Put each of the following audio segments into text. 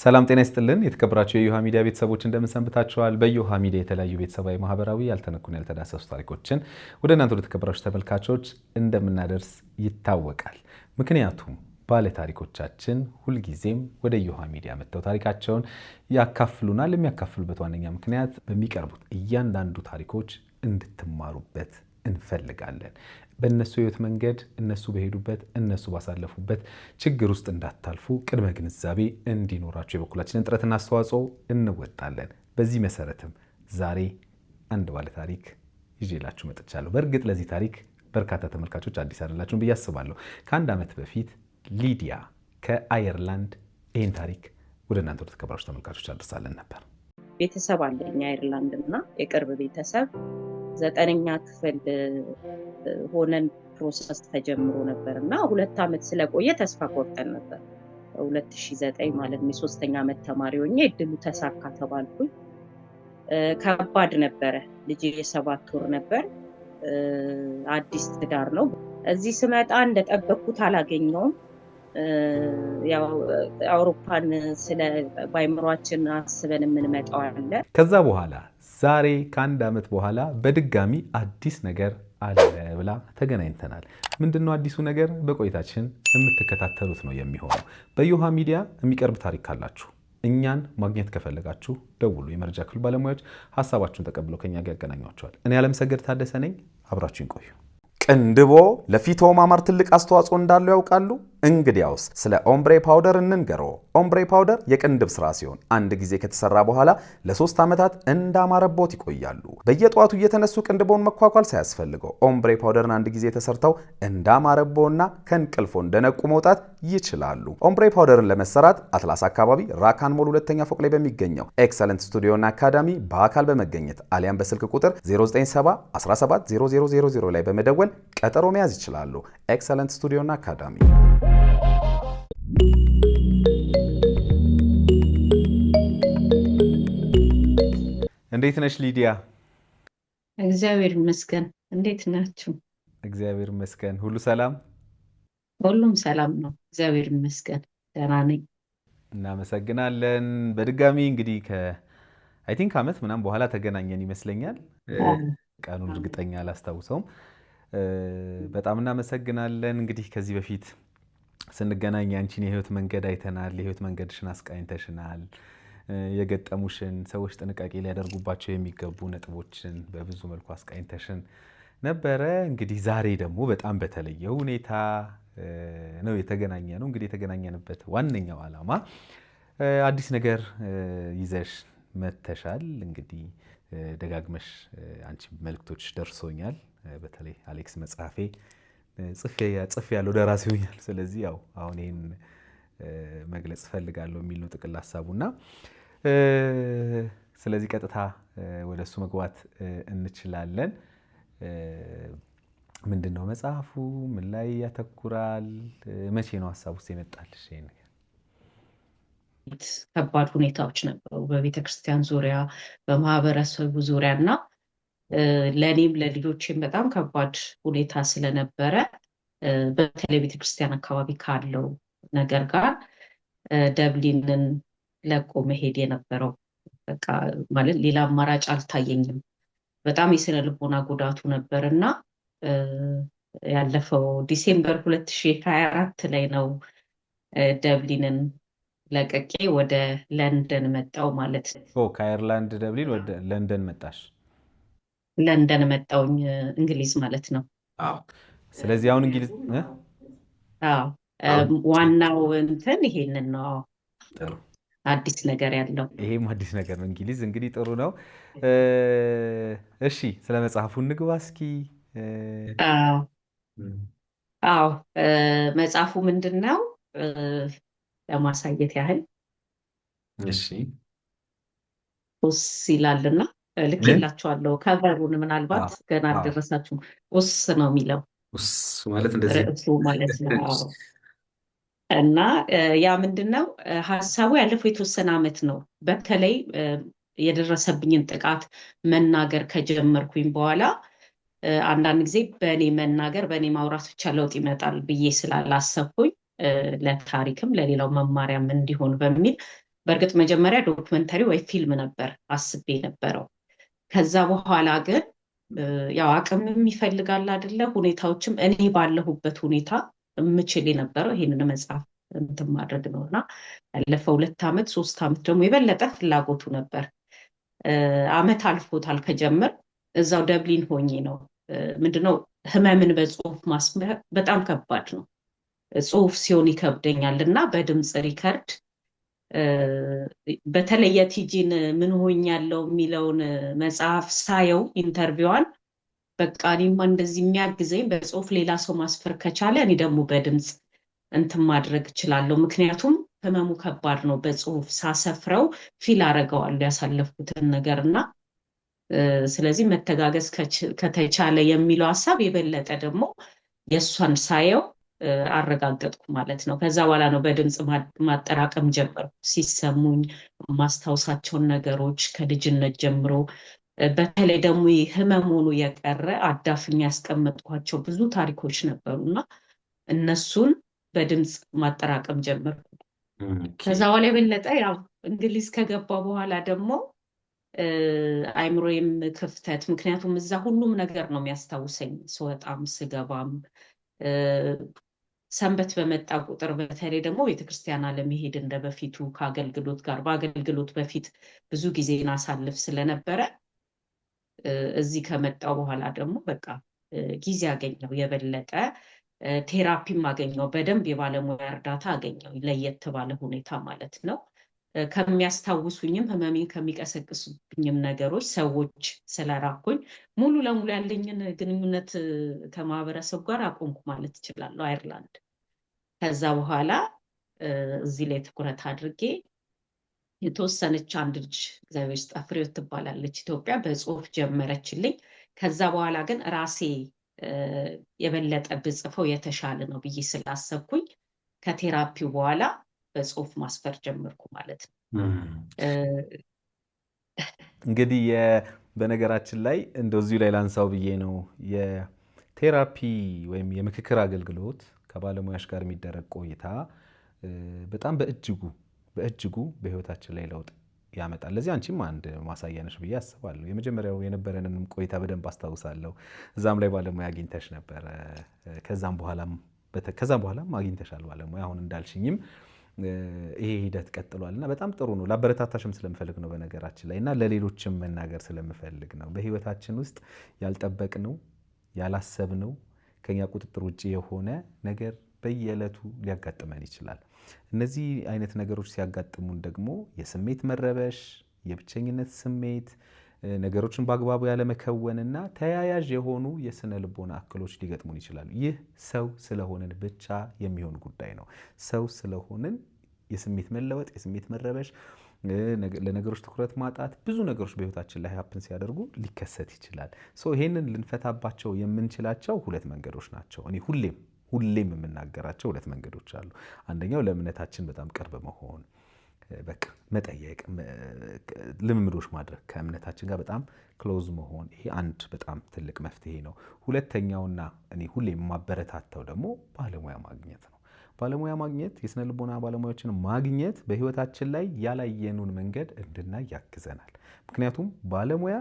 ሰላም ጤና ይስጥልን። የተከበራቸው የዮሃ ሚዲያ ቤተሰቦች እንደምንሰንብታችኋል። በዮሃ ሚዲያ የተለያዩ ቤተሰባዊ፣ ማህበራዊ ያልተነኩን ያልተዳሰሱ ታሪኮችን ወደ እናንተ ወደ ተከበራችሁ ተመልካቾች እንደምናደርስ ይታወቃል። ምክንያቱም ባለ ታሪኮቻችን ሁልጊዜም ወደ ዮሃ ሚዲያ መጥተው ታሪካቸውን ያካፍሉናል። የሚያካፍሉበት ዋነኛ ምክንያት በሚቀርቡት እያንዳንዱ ታሪኮች እንድትማሩበት እንፈልጋለን። በእነሱ ህይወት መንገድ እነሱ በሄዱበት እነሱ ባሳለፉበት ችግር ውስጥ እንዳታልፉ ቅድመ ግንዛቤ እንዲኖራቸው የበኩላችንን ጥረትና አስተዋጽኦ እንወጣለን። በዚህ መሰረትም ዛሬ አንድ ባለ ታሪክ ይዤላችሁ መጥቻለሁ። በእርግጥ ለዚህ ታሪክ በርካታ ተመልካቾች አዲስ አይደላችሁም ብዬ አስባለሁ። ከአንድ ዓመት በፊት ሊዲያ ከአየርላንድ ይህን ታሪክ ወደ እናንተ ወደ ተከበራችሁ ተመልካቾች አድርሳለን ነበር። ቤተሰብ አለኝ አየርላንድ እና የቅርብ ቤተሰብ ዘጠነኛ ክፍል ሆነን ፕሮሰስ ተጀምሮ ነበር እና ሁለት ዓመት ስለቆየ ተስፋ ቆርጠን ነበር። 2009 ማለት ነው። የሶስተኛ ዓመት ተማሪ ሆኜ እድሉ ተሳካ ተባልኩኝ። ከባድ ነበረ። ልጅ የሰባት ወር ነበር። አዲስ ትዳር ነው። እዚህ ስመጣ እንደጠበቅኩት አላገኘውም። አውሮፓን ስለ ባይምሯችን አስበን የምንመጣው አለ። ከዛ በኋላ ዛሬ ከአንድ ዓመት በኋላ በድጋሚ አዲስ ነገር አለ ብላ ተገናኝተናል። ምንድነው አዲሱ ነገር? በቆይታችን የምትከታተሉት ነው የሚሆነው። በዮሃ ሚዲያ የሚቀርብ ታሪክ ካላችሁ እኛን ማግኘት ከፈለጋችሁ ደውሉ። የመረጃ ክፍል ባለሙያዎች ሀሳባችሁን ተቀብለው ከኛ ጋር ያገናኟቸዋል። እኔ ዓለምሰገድ ታደሰ ነኝ። አብራችሁን ቆዩ። ቅንድቦ ለፊቶ ማማር ትልቅ አስተዋጽኦ እንዳለው ያውቃሉ? እንግዲያውስ ስለ ኦምብሬ ፓውደር እንንገሮ። ኦምብሬ ፓውደር የቅንድብ ስራ ሲሆን አንድ ጊዜ ከተሰራ በኋላ ለሶስት ዓመታት እንዳማረቦት ይቆያሉ። በየጠዋቱ እየተነሱ ቅንድቦን መኳኳል ሳያስፈልገው ኦምብሬ ፓውደርን አንድ ጊዜ ተሰርተው እንዳማረቦና ከእንቅልፎ እንደነቁ መውጣት ይችላሉ። ኦምብሬ ፓውደርን ለመሰራት አትላስ አካባቢ ራካን ሞል ሁለተኛ ፎቅ ላይ በሚገኘው ኤክሰለንት ስቱዲዮና አካዳሚ በአካል በመገኘት አሊያም በስልክ ቁጥር 0971700000 ላይ በመደወል ቀጠሮ መያዝ ይችላሉ። ኤክሰለንት ስቱዲዮና አካዳሚ እንዴት ነሽ ሊዲያ? እግዚአብሔር ይመስገን። እንዴት ናችሁ? እግዚአብሔር ይመስገን። ሁሉ ሰላም? ሁሉም ሰላም ነው፣ እግዚአብሔር ይመስገን። ደህና ነኝ። እናመሰግናለን። በድጋሚ እንግዲህ አይ ቲንክ ዓመት ምናምን በኋላ ተገናኘን ይመስለኛል። ቀኑን እርግጠኛ አላስታውሰውም። በጣም እናመሰግናለን። እንግዲህ ከዚህ በፊት ስንገናኝ ያንቺን የህይወት መንገድ አይተናል። የህይወት መንገድሽን አስቃኝተሽናል። የገጠሙሽን ሰዎች ጥንቃቄ ሊያደርጉባቸው የሚገቡ ነጥቦችን በብዙ መልኩ አስቃኝተሽን ነበረ። እንግዲህ ዛሬ ደግሞ በጣም በተለየ ሁኔታ ነው የተገናኘ ነው። እንግዲህ የተገናኘንበት ዋነኛው ዓላማ አዲስ ነገር ይዘሽ መተሻል። እንግዲህ ደጋግመሽ አንቺ መልክቶች ደርሶኛል። በተለይ አሌክስ መጽሐፌ ጽፌ ያለው ደራሲ ሆኛል። ስለዚህ ያው አሁን ይህን መግለጽ እፈልጋለሁ የሚል ነው ጥቅል ሀሳቡና ስለዚህ ቀጥታ ወደ እሱ መግባት እንችላለን። ምንድን ነው መጽሐፉ? ምን ላይ ያተኩራል? መቼ ነው ሀሳብ ውስጥ የመጣልሽ? ነገር ከባድ ሁኔታዎች ነበሩ በቤተክርስቲያን ዙሪያ፣ በማህበረሰቡ ዙሪያ እና ለእኔም ለልጆቼም በጣም ከባድ ሁኔታ ስለነበረ በተለይ ቤተክርስቲያን አካባቢ ካለው ነገር ጋር ደብሊንን ለቆ መሄድ የነበረው በቃ ማለት ሌላ አማራጭ አልታየኝም። በጣም የስነ ልቦና ጉዳቱ ነበር እና ያለፈው ዲሴምበር ሁለት ሀያ አራት ላይ ነው ደብሊንን ለቀቄ ወደ ለንደን መጣው ማለት ነው። ደብሊን ወደ ለንደን መጣሽ? ለንደን መጣውኝ እንግሊዝ ማለት ነው። ስለዚህ አሁን እንግሊዝ ዋናው እንትን ይሄንን ነው። አዲስ ነገር ያለው ይሄም አዲስ ነገር ነው። እንግሊዝ እንግዲህ ጥሩ ነው። እሺ ስለ መጽሐፉ እንግባ እስኪ። አዎ መጽሐፉ ምንድን ነው ለማሳየት ያህል ሶስት ይላልና ልኬላችኋለሁ። ከቨሩን ምናልባት ገና አልደረሳችሁም። ውስ ነው የሚለው ማለት ማለት ነው። እና ያ ምንድነው ሀሳቡ ያለፈው የተወሰነ አመት ነው። በተለይ የደረሰብኝን ጥቃት መናገር ከጀመርኩኝ በኋላ አንዳንድ ጊዜ በእኔ መናገር በእኔ ማውራት ብቻ ለውጥ ይመጣል ብዬ ስላላሰብኩኝ ለታሪክም ለሌላው መማሪያም እንዲሆን በሚል በእርግጥ መጀመሪያ ዶክመንተሪ ወይ ፊልም ነበር አስቤ ነበረው ከዛ በኋላ ግን ያው አቅምም ይፈልጋል አደለ ሁኔታዎችም እኔ ባለሁበት ሁኔታ የምችል የነበረው ይህንን መጽሐፍ እንትን ማድረግ ነው እና ያለፈ ሁለት ዓመት ሶስት ዓመት ደግሞ የበለጠ ፍላጎቱ ነበር። አመት አልፎታል ከጀምር እዛው ደብሊን ሆኜ ነው። ምንድነው ህመምን በጽሁፍ ማስ በጣም ከባድ ነው። ጽሁፍ ሲሆን ይከብደኛል እና በድምፅ ሪከርድ በተለይ የቲጂን ምን ሆኛለው የሚለውን መጽሐፍ ሳየው ኢንተርቪዋን በቃ እኔማ እንደዚህ የሚያግዘኝ በጽሁፍ ሌላ ሰው ማስፈር ከቻለ እኔ ደግሞ በድምፅ እንትን ማድረግ እችላለሁ። ምክንያቱም ህመሙ ከባድ ነው። በጽሁፍ ሳሰፍረው ፊል አረገዋለሁ ያሳለፍኩትን ነገር እና ስለዚህ መተጋገዝ ከተቻለ የሚለው ሀሳብ የበለጠ ደግሞ የእሷን ሳየው አረጋገጥኩ ማለት ነው። ከዛ በኋላ ነው በድምፅ ማጠራቀም ጀመርኩ። ሲሰሙኝ ማስታውሳቸውን ነገሮች ከልጅነት ጀምሮ በተለይ ደግሞ ህመሙኑ የቀረ አዳፍኝ ያስቀመጥኳቸው ብዙ ታሪኮች ነበሩ እና እነሱን በድምፅ ማጠራቀም ጀመርኩ። ከዛ በኋላ የበለጠ ያው እንግሊዝ ከገባ በኋላ ደግሞ አይምሮዬም ክፍተት፣ ምክንያቱም እዛ ሁሉም ነገር ነው የሚያስታውሰኝ ስወጣም ስገባም ሰንበት በመጣ ቁጥር በተለይ ደግሞ ቤተክርስቲያን አለመሄድ እንደ በፊቱ ከአገልግሎት ጋር በአገልግሎት በፊት ብዙ ጊዜን አሳልፍ ስለነበረ እዚህ ከመጣው በኋላ ደግሞ በቃ ጊዜ አገኘው የበለጠ ቴራፒም አገኘው በደንብ የባለሙያ እርዳታ አገኘው ለየት ባለ ሁኔታ ማለት ነው። ከሚያስታውሱኝም ህመሜን ከሚቀሰቅሱብኝም ነገሮች ሰዎች ስለራኩኝ ሙሉ ለሙሉ ያለኝን ግንኙነት ከማህበረሰቡ ጋር አቆምኩ ማለት እችላለሁ አይርላንድ። ከዛ በኋላ እዚህ ላይ ትኩረት አድርጌ የተወሰነች አንድ ልጅ እግዚአብሔር ይስጣት ፍሬሕይወት ትባላለች ኢትዮጵያ በጽሁፍ ጀመረችልኝ። ከዛ በኋላ ግን ራሴ የበለጠ ብጽፈው የተሻለ ነው ብዬ ስላሰብኩኝ ከቴራፒው በኋላ በጽሁፍ ማስፈር ጀመርኩ ማለት ነው። እንግዲህ በነገራችን ላይ እንደዚሁ ላይ ላንሳው ብዬ ነው የቴራፒ ወይም የምክክር አገልግሎት ከባለሙያዎች ጋር የሚደረግ ቆይታ በጣም በእጅጉ በእጅጉ በህይወታችን ላይ ለውጥ ያመጣል። ለዚህ አንቺም አንድ ማሳያ ነሽ ብዬ አስባለሁ። የመጀመሪያው የነበረንንም ቆይታ በደንብ አስታውሳለሁ። እዛም ላይ ባለሙያ አግኝተሽ ነበረ። ከዛም በኋላም አግኝተሻል ባለሙያ አሁን እንዳልሽኝም ይሄ ሂደት ቀጥሏል እና በጣም ጥሩ ነው። ላበረታታሽም ስለምፈልግ ነው በነገራችን ላይ እና ለሌሎችም መናገር ስለምፈልግ ነው። በህይወታችን ውስጥ ያልጠበቅነው ያላሰብነው ከኛ ቁጥጥር ውጭ የሆነ ነገር በየዕለቱ ሊያጋጥመን ይችላል። እነዚህ አይነት ነገሮች ሲያጋጥሙን ደግሞ የስሜት መረበሽ፣ የብቸኝነት ስሜት ነገሮችን በአግባቡ ያለመከወንና ተያያዥ የሆኑ የስነ ልቦና እክሎች ሊገጥሙን ይችላሉ። ይህ ሰው ስለሆንን ብቻ የሚሆን ጉዳይ ነው። ሰው ስለሆንን የስሜት መለወጥ፣ የስሜት መረበሽ፣ ለነገሮች ትኩረት ማጣት ብዙ ነገሮች በህይወታችን ላይ ሀፕን ሲያደርጉ ሊከሰት ይችላል። ይሄንን ልንፈታባቸው የምንችላቸው ሁለት መንገዶች ናቸው። እኔ ሁሌም ሁሌም የምናገራቸው ሁለት መንገዶች አሉ። አንደኛው ለእምነታችን በጣም ቅርብ መሆን በቃ መጠየቅ፣ ልምምዶች ማድረግ፣ ከእምነታችን ጋር በጣም ክሎዝ መሆን፣ ይሄ አንድ በጣም ትልቅ መፍትሄ ነው። ሁለተኛውና እኔ ሁሌ የማበረታተው ደግሞ ባለሙያ ማግኘት ነው። ባለሙያ ማግኘት፣ የስነ ልቦና ባለሙያዎችን ማግኘት በህይወታችን ላይ ያላየኑን መንገድ እንድናይ ያግዘናል። ምክንያቱም ባለሙያ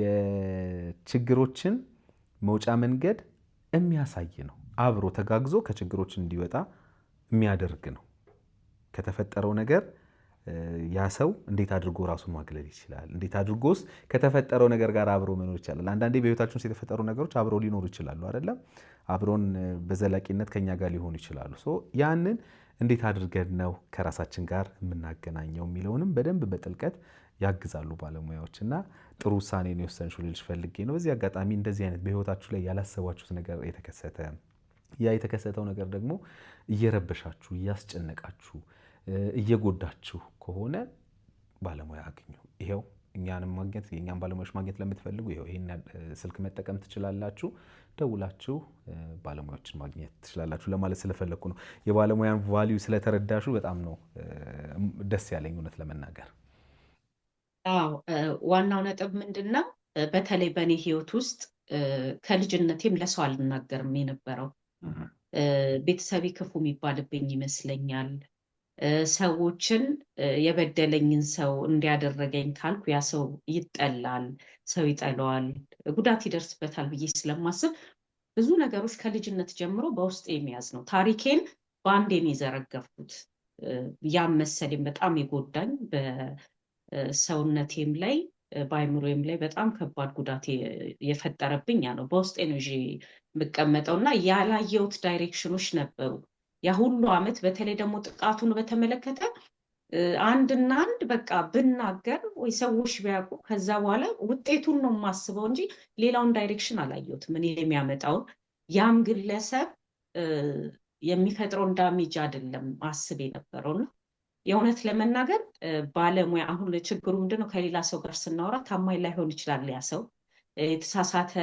የችግሮችን መውጫ መንገድ የሚያሳይ ነው። አብሮ ተጋግዞ ከችግሮች እንዲወጣ የሚያደርግ ነው ከተፈጠረው ነገር ያ ሰው እንዴት አድርጎ ራሱን ማግለል ይችላል? እንዴት አድርጎስ ከተፈጠረው ነገር ጋር አብሮ መኖር ይችላል? አንዳንዴ በህይወታችን ውስጥ የተፈጠሩ ነገሮች አብረው ሊኖሩ ይችላሉ አይደለም? አብሮን በዘላቂነት ከኛ ጋር ሊሆኑ ይችላሉ። ያንን እንዴት አድርገን ነው ከራሳችን ጋር የምናገናኘው የሚለውንም በደንብ በጥልቀት ያግዛሉ ባለሙያዎች እና ጥሩ ውሳኔ ነው የወሰንሽው ልልሽ ፈልጌ ነው። በዚህ አጋጣሚ እንደዚህ አይነት በህይወታችሁ ላይ ያላሰባችሁት ነገር የተከሰተ ያ የተከሰተው ነገር ደግሞ እየረበሻችሁ እያስጨነቃችሁ እየጎዳችሁ ከሆነ ባለሙያ አግኙ። ይኸው እኛንም ማግኘት የእኛን ባለሙያዎች ማግኘት ለምትፈልጉ ይኸው ይህን ስልክ መጠቀም ትችላላችሁ። ደውላችሁ ባለሙያዎችን ማግኘት ትችላላችሁ ለማለት ስለፈለግኩ ነው። የባለሙያን ቫሊዩ ስለተረዳሹ በጣም ነው ደስ ያለኝ እውነት ለመናገር። አዎ ዋናው ነጥብ ምንድን ነው? በተለይ በእኔ ህይወት ውስጥ ከልጅነቴም ለሰው አልናገርም የነበረው ቤተሰቤ ክፉ የሚባልብኝ ይመስለኛል። ሰዎችን የበደለኝን ሰው እንዲያደረገኝ ካልኩ ያ ሰው ይጠላል፣ ሰው ይጠለዋል፣ ጉዳት ይደርስበታል ብዬ ስለማስብ ብዙ ነገሮች ከልጅነት ጀምሮ በውስጥ የሚያዝ ነው። ታሪኬን በአንዴን የዘረገፍኩት ያም መሰሌም በጣም የጎዳኝ በሰውነቴም ላይ በአይምሮም ላይ በጣም ከባድ ጉዳት የፈጠረብኝ ያ ነው። በውስጤ ነው የምቀመጠው እና ያላየሁት ዳይሬክሽኖች ነበሩ የሁሉ አመት በተለይ ደግሞ ጥቃቱን በተመለከተ አንድና አንድ በቃ ብናገር ወይ ሰዎች ቢያውቁ ከዛ በኋላ ውጤቱን ነው የማስበው እንጂ ሌላውን ዳይሬክሽን አላየሁትም። ምን የሚያመጣውን ያም ግለሰብ የሚፈጥረውን ዳሜጅ አይደለም አስብ የነበረው ነው የእውነት ለመናገር ባለሙያ አሁን ችግሩ ምንድነው? ከሌላ ሰው ጋር ስናወራ ታማኝ ላይሆን ይችላል። ያ ሰው የተሳሳተ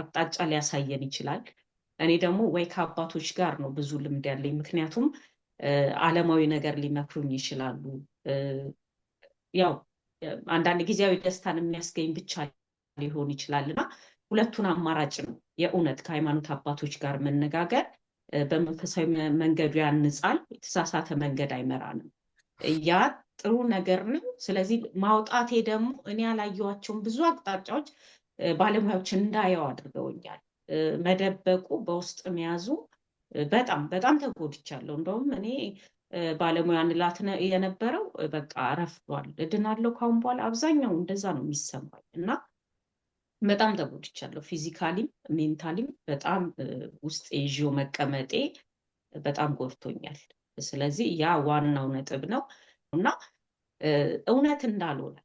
አቅጣጫ ሊያሳየን ይችላል። እኔ ደግሞ ወይ ከአባቶች ጋር ነው ብዙ ልምድ ያለኝ። ምክንያቱም አለማዊ ነገር ሊመክሩኝ ይችላሉ። ያው አንዳንድ ጊዜያዊ ደስታን የሚያስገኝ ብቻ ሊሆን ይችላል እና ሁለቱን አማራጭ ነው የእውነት ከሃይማኖት አባቶች ጋር መነጋገር በመንፈሳዊ መንገዱ ያንጻል። የተሳሳተ መንገድ አይመራንም። ያ ጥሩ ነገር ነው። ስለዚህ ማውጣቴ ደግሞ እኔ ያላየኋቸውን ብዙ አቅጣጫዎች ባለሙያዎች እንዳየው አድርገውኛል። መደበቁ በውስጥ መያዙ በጣም በጣም ተጎድቻለሁ። እንደውም እኔ ባለሙያ ንላት የነበረው በቃ ረፍዷል፣ እድናለሁ ካሁን በኋላ አብዛኛው እንደዛ ነው የሚሰማኝ እና በጣም ተጎድቻለሁ። ፊዚካሊም ሜንታሊም በጣም ውስጥ ይዤው መቀመጤ በጣም ጎድቶኛል። ስለዚህ ያ ዋናው ነጥብ ነው እና እውነት እንዳልሆነ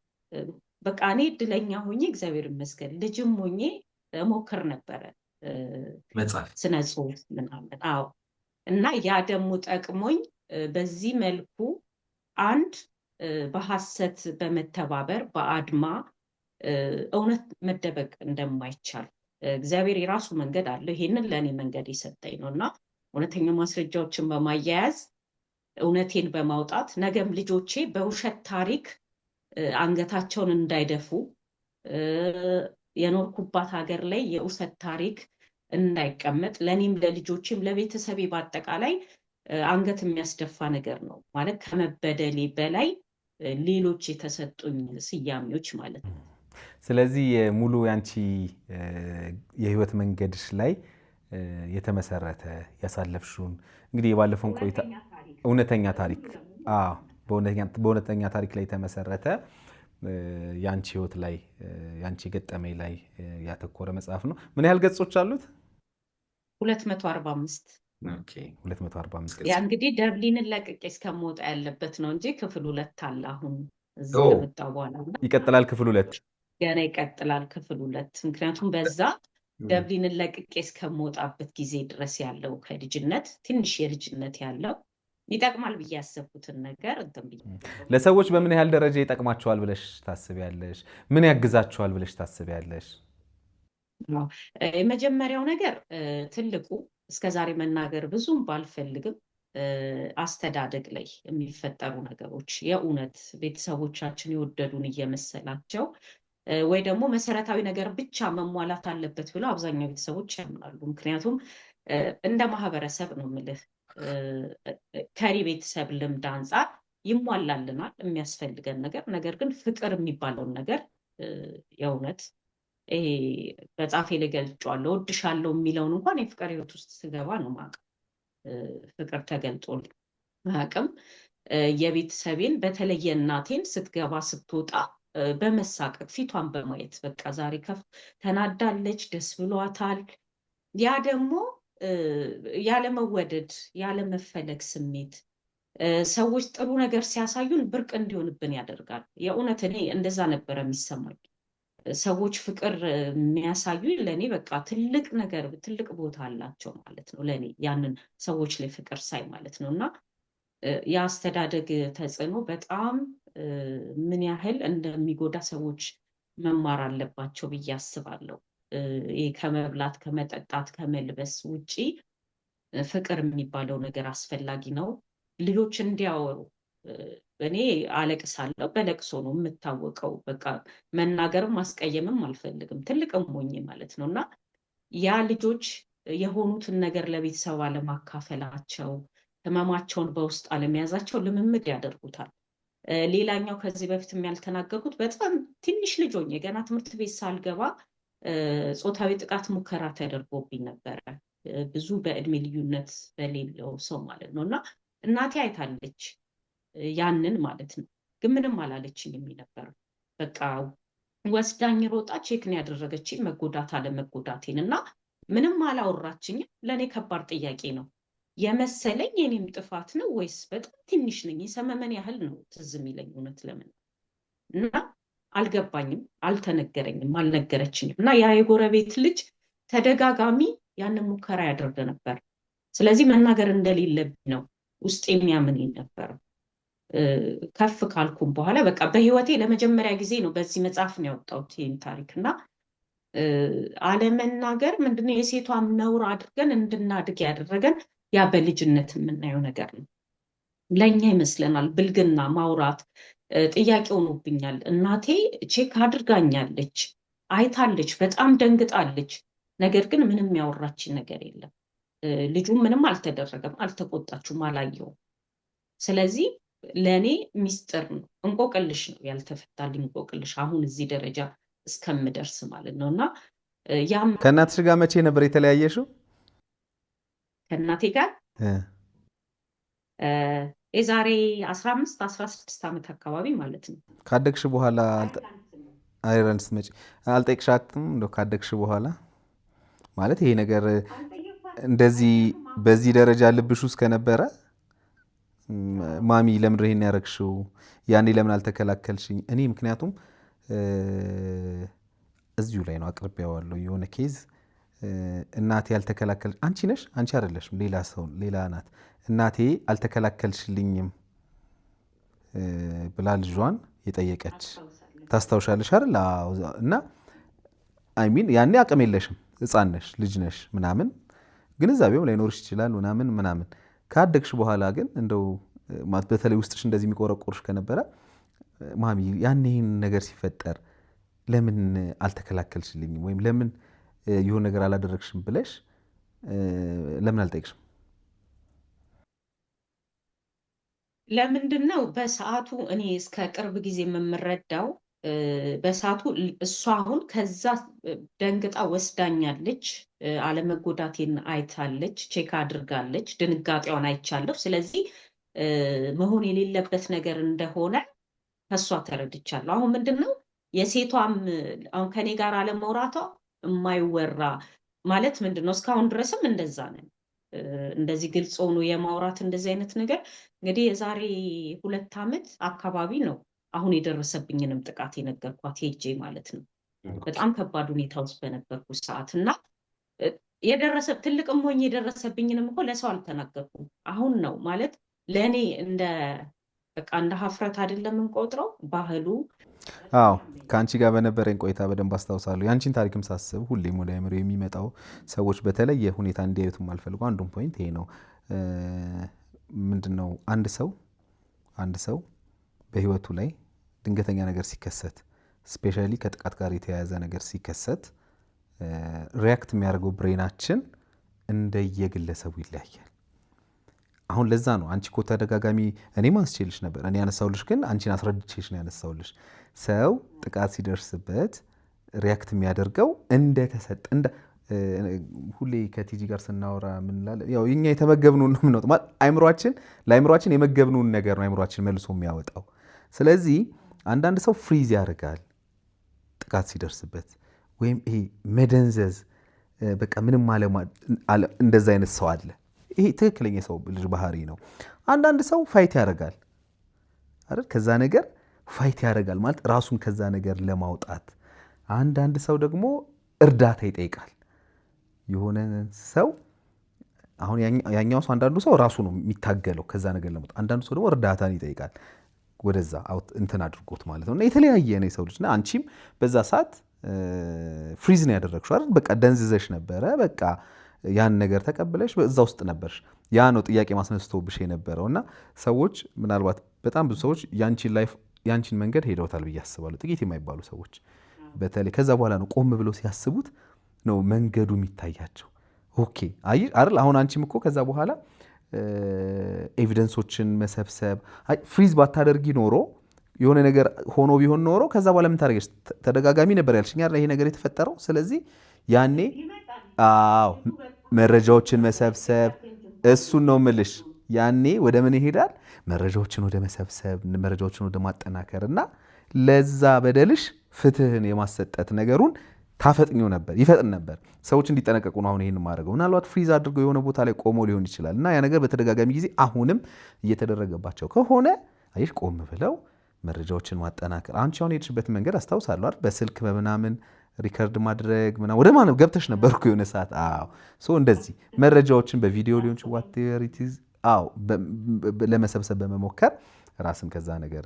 በቃ እኔ እድለኛ ሆኜ እግዚአብሔር ይመስገን ልጅም ሆኜ ሞክር ነበረ ስነ ጽሁፍ ምናምን። አዎ እና ያ ደግሞ ጠቅሞኝ በዚህ መልኩ አንድ በሀሰት በመተባበር በአድማ እውነት መደበቅ እንደማይቻል እግዚአብሔር የራሱ መንገድ አለው። ይሄንን ለእኔ መንገድ የሰጠኝ ነው እና እውነተኛ ማስረጃዎችን በማያያዝ እውነቴን በማውጣት ነገም ልጆቼ በውሸት ታሪክ አንገታቸውን እንዳይደፉ የኖርኩባት ሀገር ላይ የውሰት ታሪክ እንዳይቀመጥ ለእኔም ለልጆችም ለቤተሰቤ በአጠቃላይ አንገት የሚያስደፋ ነገር ነው ማለት ከመበደሌ በላይ ሌሎች የተሰጡኝ ስያሜዎች ማለት ነው። ስለዚህ ሙሉ ያንቺ የህይወት መንገድሽ ላይ የተመሰረተ ያሳለፍሽውን እንግዲህ የባለፈውን ቆይታ እውነተኛ ታሪክ በእውነተኛ ታሪክ ላይ የተመሰረተ ያንቺ ህይወት ላይ ያንቺ ገጠመኝ ላይ ያተኮረ መጽሐፍ ነው። ምን ያህል ገጾች አሉት? ያ እንግዲህ ደብሊንን ለቅቄ እስከምወጣ ያለበት ነው እንጂ ክፍል ሁለት አለ። አሁን እዚህ ከመጣሁ በኋላ ይቀጥላል ክፍል ሁለት ገና ይቀጥላል ክፍል ሁለት ምክንያቱም በዛ ደብሊንን ለቅቄ እስከምወጣበት ጊዜ ድረስ ያለው ከልጅነት ትንሽ የልጅነት ያለው ይጠቅማል ብዬ ያሰብኩትን ነገር እንትን ብዬ ለሰዎች በምን ያህል ደረጃ ይጠቅማቸዋል ብለሽ ታስቢያለሽ? ምን ያግዛቸዋል ብለሽ ታስቢያለሽ? የመጀመሪያው ነገር ትልቁ እስከዛሬ መናገር ብዙም ባልፈልግም አስተዳደግ ላይ የሚፈጠሩ ነገሮች የእውነት ቤተሰቦቻችን የወደዱን እየመሰላቸው ወይ ደግሞ መሰረታዊ ነገር ብቻ መሟላት አለበት ብለው አብዛኛው ቤተሰቦች ያምናሉ። ምክንያቱም እንደ ማህበረሰብ ነው የምልህ ከሪ ቤተሰብ ልምድ አንጻር ይሟላልናል የሚያስፈልገን ነገር። ነገር ግን ፍቅር የሚባለውን ነገር የእውነት ይሄ በጻፌ ላይ ገልጫዋለሁ፣ እወድሻለሁ የሚለውን እንኳን የፍቅር ህይወት ውስጥ ስገባ ነው ማቅም ፍቅር ተገልጦ ማቅም የቤተሰቤን በተለየ እናቴን ስትገባ ስትወጣ በመሳቀቅ ፊቷን በማየት በቃ ዛሬ ከፍ ተናዳለች፣ ደስ ብሏታል። ያ ደግሞ ያለመወደድ ያለመፈለግ ስሜት ሰዎች ጥሩ ነገር ሲያሳዩን ብርቅ እንዲሆንብን ያደርጋል። የእውነት እኔ እንደዛ ነበረ የሚሰማኝ። ሰዎች ፍቅር የሚያሳዩኝ ለእኔ በቃ ትልቅ ነገር ትልቅ ቦታ አላቸው ማለት ነው። ለእኔ ያንን ሰዎች ላይ ፍቅር ሳይ ማለት ነው እና የአስተዳደግ ተጽዕኖ በጣም ምን ያህል እንደሚጎዳ ሰዎች መማር አለባቸው ብዬ አስባለሁ። ከመብላት ከመጠጣት ከመልበስ ውጪ ፍቅር የሚባለው ነገር አስፈላጊ ነው። ልጆች እንዲያወሩ እኔ አለቅሳለሁ። በለቅሶ ነው የምታወቀው። በቃ መናገርም ማስቀየምም አልፈልግም። ትልቅም ሞኝ ማለት ነው እና ያ ልጆች የሆኑትን ነገር ለቤተሰብ አለማካፈላቸው፣ ህመማቸውን በውስጥ አለመያዛቸው ልምምድ ያደርጉታል። ሌላኛው ከዚህ በፊት ያልተናገርኩት በጣም ትንሽ ልጆኝ የገና ትምህርት ቤት ሳልገባ ጾታዊ ጥቃት ሙከራ ተደርጎብኝ ነበረ። ብዙ በእድሜ ልዩነት በሌለው ሰው ማለት ነው እና እናቴ አይታለች ያንን ማለት ነው። ግን ምንም አላለችኝም ነበር። በቃ ወስዳኝ ሮጣ ቼክ ነው ያደረገችኝ መጎዳት አለመጎዳቴን እና ምንም አላወራችኝም። ለእኔ ከባድ ጥያቄ ነው የመሰለኝ የኔም ጥፋት ነው ወይስ በጣም ትንሽ ነኝ፣ ሰመመን ያህል ነው ትዝ የሚለኝ እውነት ለምን እና አልገባኝም፣ አልተነገረኝም፣ አልነገረችኝም እና ያ የጎረቤት ልጅ ተደጋጋሚ ያንን ሙከራ ያደርግ ነበር። ስለዚህ መናገር እንደሌለብኝ ነው ውስጥ የሚያምን ነበር። ከፍ ካልኩም በኋላ በቃ በህይወቴ ለመጀመሪያ ጊዜ ነው በዚህ መጽሐፍ ነው ያወጣሁት ይህን ታሪክ እና አለመናገር ምንድነው የሴቷን ነውር አድርገን እንድናድግ ያደረገን ያ በልጅነት የምናየው ነገር ነው። ለእኛ ይመስለናል ብልግና ማውራት ጥያቄ ሆኖብኛል። እናቴ ቼክ አድርጋኛለች፣ አይታለች፣ በጣም ደንግጣለች። ነገር ግን ምንም ያወራችን ነገር የለም። ልጁም ምንም አልተደረገም፣ አልተቆጣችሁም፣ አላየውም። ስለዚህ ለእኔ ሚስጥር ነው፣ እንቆቅልሽ ነው፣ ያልተፈታል እንቆቅልሽ አሁን እዚህ ደረጃ እስከምደርስ ማለት ነው። እና ያም ከእናትሽ ጋር መቼ ነበር የተለያየሽው? ከእናቴ ጋር የዛሬ አስራ አምስት አስራ ስድስት ዓመት አካባቢ ማለት ነው። ካደግሽ በኋላ አይረን ስትመጪ አልጠየቅሻትም? እንደ ካደግሽ በኋላ ማለት ይሄ ነገር እንደዚህ በዚህ ደረጃ ልብሽ ውስጥ ከነበረ ማሚ ለምንድን ይሄን ያረግሽው ያኔ ለምን አልተከላከልሽኝ? እኔ ምክንያቱም እዚሁ ላይ ነው አቅርቤዋለሁ የሆነ ኬዝ እናቴ ያልተከላከል አንቺ ነሽ አንቺ አይደለሽም ሌላ ሰው ሌላ ናት እናቴ አልተከላከልሽልኝም ብላ ልጇን የጠየቀች ታስታውሻለሽ አይደል? እና አይሚን ያኔ አቅም የለሽም ህፃን ነሽ ልጅ ነሽ ምናምን ግንዛቤውም ላይኖርሽ ይችላል ምናምን ምናምን። ካደግሽ በኋላ ግን እንደው በተለይ ውስጥሽ እንደዚህ የሚቆረቆርሽ ከነበረ ማሚ ያን ይህን ነገር ሲፈጠር ለምን አልተከላከልሽልኝም ወይም ለምን ይሁን ነገር አላደረግሽም ብለሽ ለምን አልጠይቅሽም? ለምንድን ነው በሰዓቱ እኔ እስከ ቅርብ ጊዜ የምምረዳው በሰዓቱ እሷ አሁን ከዛ ደንግጣ ወስዳኛለች፣ አለመጎዳቴን አይታለች፣ ቼክ አድርጋለች፣ ድንጋጤዋን አይቻለሁ። ስለዚህ መሆን የሌለበት ነገር እንደሆነ ከእሷ ተረድቻለሁ። አሁን ምንድን ነው የሴቷም አሁን ከኔ ጋር አለመውራቷ የማይወራ ማለት ምንድን ነው እስካሁን ድረስም እንደዛ ነን እንደዚህ ግልጽ ሆኖ የማውራት እንደዚህ አይነት ነገር እንግዲህ የዛሬ ሁለት ዓመት አካባቢ ነው አሁን የደረሰብኝንም ጥቃት የነገርኳት ሄጄ ማለት ነው። በጣም ከባድ ሁኔታ ውስጥ በነበርኩ ሰዓት እና የደረሰ ትልቅም ሆኜ የደረሰብኝንም እኮ ለሰው አልተናገርኩም። አሁን ነው ማለት ለእኔ እንደ በቃ እንደ ሀፍረት አይደለም እንቆጥረው ባህሉ። አዎ ከአንቺ ጋር በነበረኝ ቆይታ በደንብ አስታውሳለሁ። የአንቺን ታሪክም ሳስብ ሁሌም ወደ አይምሮ የሚመጣው ሰዎች በተለየ ሁኔታ እንዲያዩት አልፈልጉ አንዱን ፖይንት ይሄ ነው። ምንድን ነው አንድ ሰው አንድ ሰው በህይወቱ ላይ ድንገተኛ ነገር ሲከሰት ስፔሻሊ ከጥቃት ጋር የተያያዘ ነገር ሲከሰት ሪያክት የሚያደርገው ብሬናችን እንደየግለሰቡ ይለያያል። አሁን ለዛ ነው አንቺ እኮ ተደጋጋሚ እኔም አንስቼልሽ ነበር። እኔ ያነሳውልሽ ግን አንቺን አስረድቼሽ ነው ያነሳውልሽ። ሰው ጥቃት ሲደርስበት ሪያክት የሚያደርገው እንደተሰጠ እንደ ሁሌ ከቲጂ ጋር ስናወራ ምንላለ ያው እኛ የተመገብነውን ነው አይምሯችን ለአይምሯችን የመገብነውን ነገር ነው አይምሯችን መልሶ የሚያወጣው። ስለዚህ አንዳንድ ሰው ፍሪዝ ያደርጋል ጥቃት ሲደርስበት፣ ወይም ይሄ መደንዘዝ በቃ ምንም አለ። እንደዛ አይነት ሰው አለ። ይሄ ትክክለኛ የሰው ልጅ ባህሪ ነው። አንዳንድ ሰው ፋይት ያደርጋል አይደል? ከዛ ነገር ፋይት ያደርጋል ማለት ራሱን ከዛ ነገር ለማውጣት። አንዳንድ ሰው ደግሞ እርዳታ ይጠይቃል። የሆነ ሰው አሁን ያኛው ሰው አንዳንዱ ሰው ራሱ ነው የሚታገለው ከዛ ነገር ለመውጣት፣ አንዳንዱ ሰው ደግሞ እርዳታን ይጠይቃል ወደዛ እንትን አድርጎት ማለት ነው። እና የተለያየ ነው የሰው ልጅ አንቺም በዛ ሰዓት ፍሪዝ ነው ያደረግሽው አይደል? በቃ ደንዝዘሽ ነበረ በቃ ያን ነገር ተቀብለሽ እዛ ውስጥ ነበርሽ። ያ ነው ጥያቄ ማስነስቶብሽ የነበረው እና ሰዎች ምናልባት በጣም ብዙ ሰዎች ያንቺን ላይፍ ያንቺን መንገድ ሄደውታል ብዬ አስባለሁ። ጥቂት የማይባሉ ሰዎች በተለይ ከዛ በኋላ ነው ቆም ብለው ሲያስቡት ነው መንገዱ የሚታያቸው። ኦኬ አይ አይደል አሁን አንቺም እኮ ከዛ በኋላ ኤቪደንሶችን መሰብሰብ ፍሪዝ ባታደርጊ ኖሮ የሆነ ነገር ሆኖ ቢሆን ኖሮ ከዛ በኋላ ምን ታደርጊ? ተደጋጋሚ ነበር ያልሽኝ ይሄ ነገር የተፈጠረው። ስለዚህ ያኔ አዎ መረጃዎችን መሰብሰብ እሱን ነው ምልሽ። ያኔ ወደ ምን ይሄዳል? መረጃዎችን ወደ መሰብሰብ፣ መረጃዎችን ወደ ማጠናከር እና ለዛ በደልሽ ፍትህን የማሰጠት ነገሩን ታፈጥኙ ነበር፣ ይፈጥን ነበር። ሰዎች እንዲጠነቀቁ ነው አሁን ይህን ማድረገው። ምናልባት ፍሪዝ አድርገው የሆነ ቦታ ላይ ቆሞ ሊሆን ይችላል እና ያ ነገር በተደጋጋሚ ጊዜ አሁንም እየተደረገባቸው ከሆነ አየሽ ቆም ብለው መረጃዎችን ማጠናከር። አንቺ አሁን የሄድሽበት መንገድ አስታውሳለሁ አይደል? በስልክ በምናምን ሪከርድ ማድረግ ምና ወደ ማንም ገብተሽ ነበርኩ የሆነ ሰዓት። አዎ እንደዚህ መረጃዎችን በቪዲዮ ሊሆን ዋቴሪቲዝ ለመሰብሰብ በመሞከር ራስን ከዛ ነገር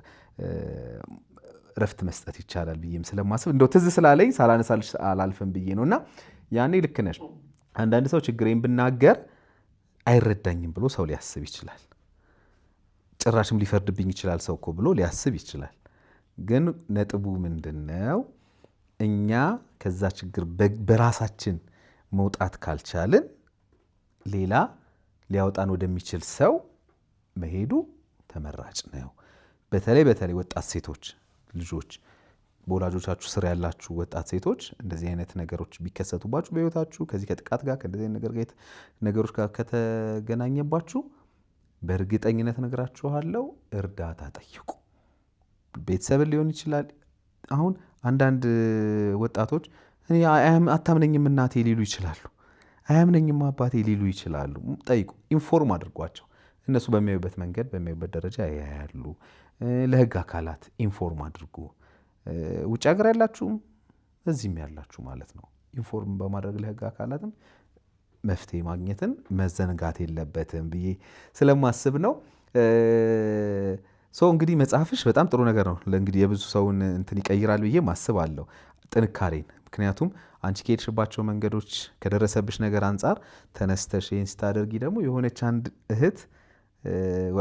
እረፍት መስጠት ይቻላል ብዬም ስለማስብ እንደው ትዝ ስላለኝ ሳላነሳልሽ አላልፍም ብዬ ነው። እና ያኔ ልክ ነሽ። አንዳንድ ሰው ችግሬን ብናገር አይረዳኝም ብሎ ሰው ሊያስብ ይችላል። ጭራሽም ሊፈርድብኝ ይችላል ሰው እኮ ብሎ ሊያስብ ይችላል። ግን ነጥቡ ምንድን ነው? እኛ ከዛ ችግር በራሳችን መውጣት ካልቻልን ሌላ ሊያወጣን ወደሚችል ሰው መሄዱ ተመራጭ ነው። በተለይ በተለይ ወጣት ሴቶች ልጆች፣ በወላጆቻችሁ ስር ያላችሁ ወጣት ሴቶች እንደዚህ አይነት ነገሮች ቢከሰቱባችሁ በህይወታችሁ ከዚህ ከጥቃት ጋር ከእንደዚህ ጋር ነገሮች ጋር ከተገናኘባችሁ በእርግጠኝነት ነግራችኋለሁ፣ እርዳታ ጠይቁ። ቤተሰብን ሊሆን ይችላል፣ አሁን አንዳንድ ወጣቶች አታምነኝም እናቴ ሊሉ ይችላሉ። አያምነኝም አባቴ ሊሉ ይችላሉ። ጠይቁ፣ ኢንፎርም አድርጓቸው። እነሱ በሚያዩበት መንገድ በሚያዩበት ደረጃ ያያሉ። ለህግ አካላት ኢንፎርም አድርጉ። ውጭ ሀገር ያላችሁም እዚህም ያላችሁ ማለት ነው። ኢንፎርም በማድረግ ለህግ አካላትም መፍትሄ ማግኘትን መዘንጋት የለበትም ብዬ ስለማስብ ነው። ሰው እንግዲህ መጽሐፍሽ በጣም ጥሩ ነገር ነው። እንግዲህ የብዙ ሰውን እንትን ይቀይራል ብዬ ማስብ አለው ጥንካሬን። ምክንያቱም አንቺ ከሄድሽባቸው መንገዶች ከደረሰብሽ ነገር አንጻር ተነስተሽ ይህን ስታደርጊ ደግሞ የሆነች አንድ እህት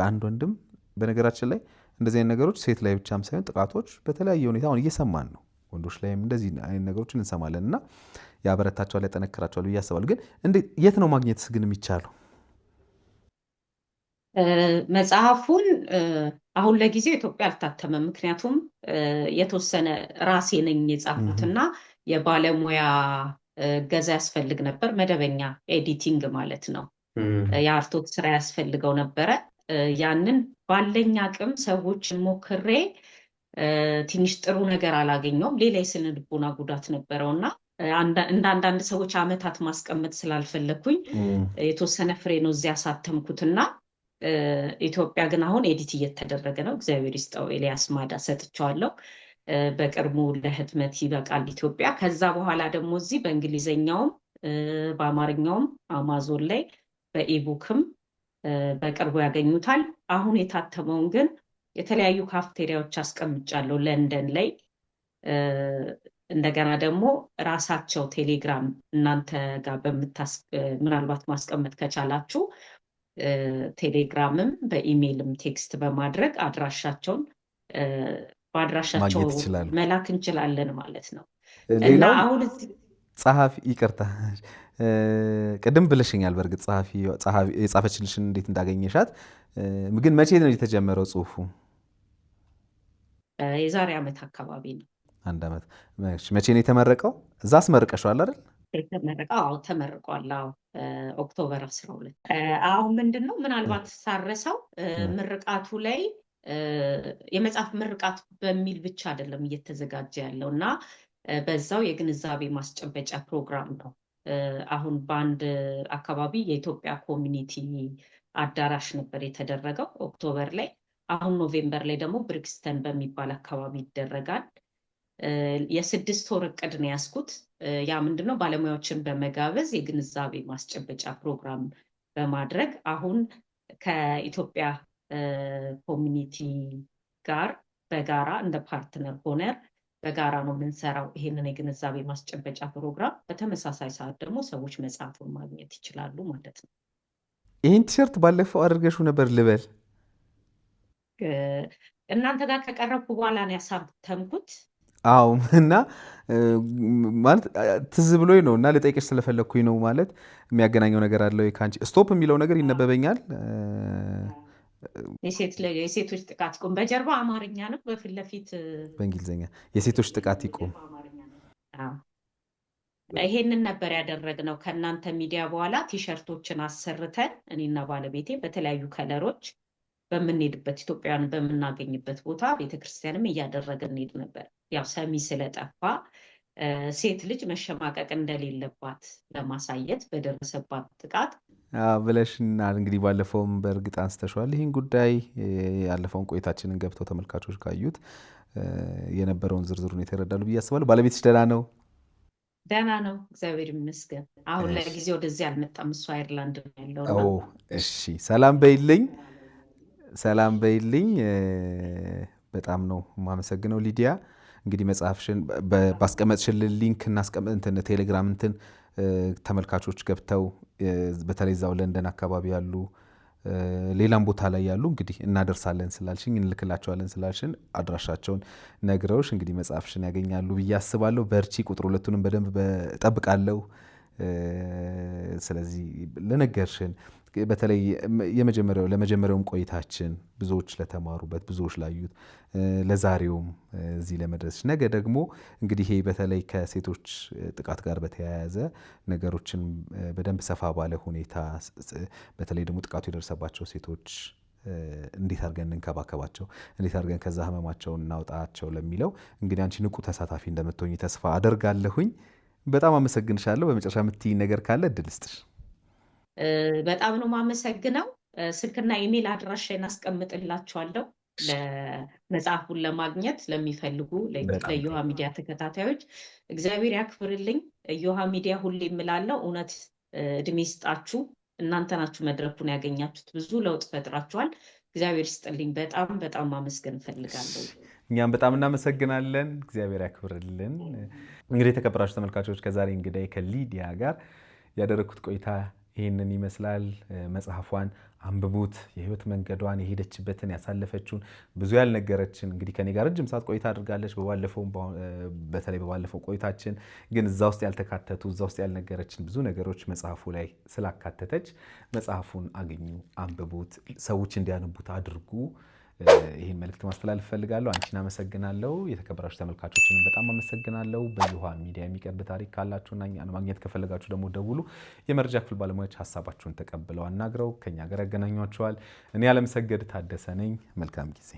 አንድ ወንድም በነገራችን ላይ እንደዚህ አይነት ነገሮች ሴት ላይ ብቻም ሳይሆን ጥቃቶች በተለያየ ሁኔታ አሁን እየሰማን ነው። ወንዶች ላይም እንደዚህ አይነት ነገሮችን እንሰማለን እና ያበረታቸዋል፣ ያጠነክራቸዋል ብዬ አስባለሁ። ግን የት ነው ማግኘትስ ግን የሚቻለው? መጽሐፉን አሁን ለጊዜው ኢትዮጵያ አልታተመም። ምክንያቱም የተወሰነ ራሴ ነኝ የጻፉትና የባለሙያ እገዛ ያስፈልግ ነበር። መደበኛ ኤዲቲንግ ማለት ነው። የአርቶት ስራ ያስፈልገው ነበረ። ያንን ባለኝ አቅም ሰዎችን ሞክሬ ትንሽ ጥሩ ነገር አላገኘውም። ሌላ የስነ ልቦና ጉዳት ነበረው እና እንደ አንዳንድ ሰዎች አመታት ማስቀመጥ ስላልፈለግኩኝ የተወሰነ ፍሬ ነው እዚያ ያሳተምኩትና ኢትዮጵያ ግን አሁን ኤዲት እየተደረገ ነው። እግዚአብሔር ይስጠው ኤልያስ ማዳ ሰጥቸዋለው። በቅርቡ ለህትመት ይበቃል ኢትዮጵያ። ከዛ በኋላ ደግሞ እዚህ በእንግሊዘኛውም በአማርኛውም አማዞን ላይ በኢቡክም በቅርቡ ያገኙታል። አሁን የታተመውን ግን የተለያዩ ካፍቴሪያዎች አስቀምጫለሁ ለንደን ላይ። እንደገና ደግሞ ራሳቸው ቴሌግራም እናንተ ጋር በምታስ ምናልባት ማስቀመጥ ከቻላችሁ ቴሌግራምም በኢሜይልም ቴክስት በማድረግ አድራሻቸውን በአድራሻቸው መላክ እንችላለን ማለት ነው። እና አሁን ጸሐፊ ይቅርታ፣ ቅድም ብለሽኛል። በእርግጥ የጻፈችልሽን እንዴት እንዳገኘሻት ግን መቼ ነው የተጀመረው ጽሁፉ? የዛሬ ዓመት አካባቢ ነው። አንድ ዓመት መቼ ነው የተመረቀው? እዛ አስመርቀሸዋል አይደል? የተመረቀ አዎ ተመርቋል። አዎ ኦክቶበር አስራ ሁለት አሁን ምንድን ነው ምናልባት ሳረሰው ምርቃቱ ላይ የመጽሐፍ ምርቃት በሚል ብቻ አይደለም እየተዘጋጀ ያለው እና በዛው የግንዛቤ ማስጨበጫ ፕሮግራም ነው። አሁን በአንድ አካባቢ የኢትዮጵያ ኮሚኒቲ አዳራሽ ነበር የተደረገው ኦክቶበር ላይ። አሁን ኖቬምበር ላይ ደግሞ ብሪክስተን በሚባል አካባቢ ይደረጋል። የስድስት ወር እቅድ ነው ያስኩት። ያ ምንድነው ባለሙያዎችን በመጋበዝ የግንዛቤ ማስጨበጫ ፕሮግራም በማድረግ አሁን ከኢትዮጵያ ኮሚኒቲ ጋር በጋራ እንደ ፓርትነር ሆነር በጋራ ነው የምንሰራው ይሄንን የግንዛቤ ማስጨበጫ ፕሮግራም። በተመሳሳይ ሰዓት ደግሞ ሰዎች መጽሐፉን ማግኘት ይችላሉ ማለት ነው። ይህን ቲሸርት ባለፈው አድርገሹ ነበር ልበል እናንተ ጋር ከቀረብኩ በኋላ ነው ያሳተምኩት። አዎ እና ማለት ትዝ ብሎኝ ነው እና ልጠይቅሽ ስለፈለግኩኝ ነው። ማለት የሚያገናኘው ነገር አለው ከአንቺ ስቶፕ የሚለው ነገር ይነበበኛል። የሴቶች ጥቃት ይቁም። በጀርባ አማርኛ ነው፣ በፊት ለፊት በእንግሊዝኛ የሴቶች ጥቃት ይቁም። ይሄንን ነበር ያደረግነው። ከእናንተ ሚዲያ በኋላ ቲሸርቶችን አሰርተን እኔና ባለቤቴ በተለያዩ ከለሮች በምንሄድበት ኢትዮጵያውያን በምናገኝበት ቦታ ቤተክርስቲያንም እያደረግን እንሄድ ነበር። ያው ሰሚ ስለጠፋ ሴት ልጅ መሸማቀቅ እንደሌለባት ለማሳየት በደረሰባት ጥቃት ብለሽና እንግዲህ ባለፈውም በእርግጥ አንስተሸዋል ይህን ጉዳይ ያለፈውን ቆይታችንን ገብተው ተመልካቾች ካዩት የነበረውን ዝርዝር ሁኔታ ይረዳሉ ብዬ አስባለሁ። ባለቤትሽ ደህና ነው? ደህና ነው፣ እግዚአብሔር ይመስገን። አሁን ለጊዜ ወደዚህ አልመጣም፣ እሱ አይርላንድ ነው ያለው። እሺ፣ ሰላም በይልኝ፣ ሰላም በይልኝ። በጣም ነው የማመሰግነው ሊዲያ። እንግዲህ መጽሐፍሽን ባስቀመጥሽልን ሊንክ እናስቀምጥ ቴሌግራም እንትን ተመልካቾች ገብተው በተለይ እዛው ለንደን አካባቢ ያሉ ሌላም ቦታ ላይ ያሉ እንግዲህ እናደርሳለን ስላልሽኝ እንልክላቸዋለን ስላልሽን አድራሻቸውን ነግረውሽ እንግዲህ መጽሐፍሽን ያገኛሉ ብዬ አስባለሁ። በርቺ። ቁጥር ሁለቱንም በደንብ እጠብቃለሁ። ስለዚህ ለነገርሽን በተለይ የመጀመሪያው ለመጀመሪያውም ቆይታችን ብዙዎች ለተማሩበት ብዙዎች ላዩት ለዛሬውም እዚህ ለመድረስች ነገ ደግሞ እንግዲህ ይሄ በተለይ ከሴቶች ጥቃት ጋር በተያያዘ ነገሮችን በደንብ ሰፋ ባለ ሁኔታ በተለይ ደግሞ ጥቃቱ የደረሰባቸው ሴቶች እንዴት አድርገን እንንከባከባቸው፣ እንዴት አድርገን ከዛ ህመማቸው እናውጣቸው ለሚለው እንግዲህ አንቺ ንቁ ተሳታፊ እንደምትሆኝ ተስፋ አደርጋለሁኝ። በጣም አመሰግንሻለሁ። በመጨረሻ የምትይኝ ነገር ካለ እድል ስጥሽ። በጣም ነው የማመሰግነው። ስልክና ኢሜል አድራሻዬን አስቀምጥላችኋለሁ። ለመጽሐፉን ለማግኘት ለሚፈልጉ ለእዮሃ ሚዲያ ተከታታዮች እግዚአብሔር ያክብርልኝ። እዮሃ ሚዲያ ሁሌ የምላለው እውነት እድሜ ስጣችሁ። እናንተ ናችሁ መድረኩን ያገኛችሁት። ብዙ ለውጥ ፈጥራችኋል። እግዚአብሔር ስጥልኝ። በጣም በጣም ማመስገን እፈልጋለሁ። እኛም በጣም እናመሰግናለን። እግዚአብሔር ያክብርልን። እንግዲህ የተከበራችሁ ተመልካቾች ከዛሬ እንግዳይ ከሊዲያ ጋር ያደረግኩት ቆይታ ይህንን ይመስላል። መጽሐፏን አንብቡት። የህይወት መንገዷን የሄደችበትን ያሳለፈችውን ብዙ ያልነገረችን እንግዲህ ከኔ ጋር ረጅም ሰዓት ቆይታ አድርጋለች። በባለፈው በተለይ በባለፈው ቆይታችን ግን እዛ ውስጥ ያልተካተቱ እዛ ውስጥ ያልነገረችን ብዙ ነገሮች መጽሐፉ ላይ ስላካተተች መጽሐፉን አግኙ፣ አንብቡት፣ ሰዎች እንዲያነቡት አድርጉ። ይህን መልእክት ማስተላለፍ ፈልጋለሁ አንቺን አመሰግናለሁ። የተከበራችሁ ተመልካቾችን በጣም አመሰግናለሁ። በዙሃን ሚዲያ የሚቀርብ ታሪክ ካላችሁና እኛን ማግኘት ከፈለጋችሁ ደግሞ ደውሉ። የመረጃ ክፍል ባለሙያዎች ሀሳባችሁን ተቀብለው አናግረው ከኛ ጋር ያገናኟቸዋል። እኔ አለምሰገድ ታደሰ ነኝ። መልካም ጊዜ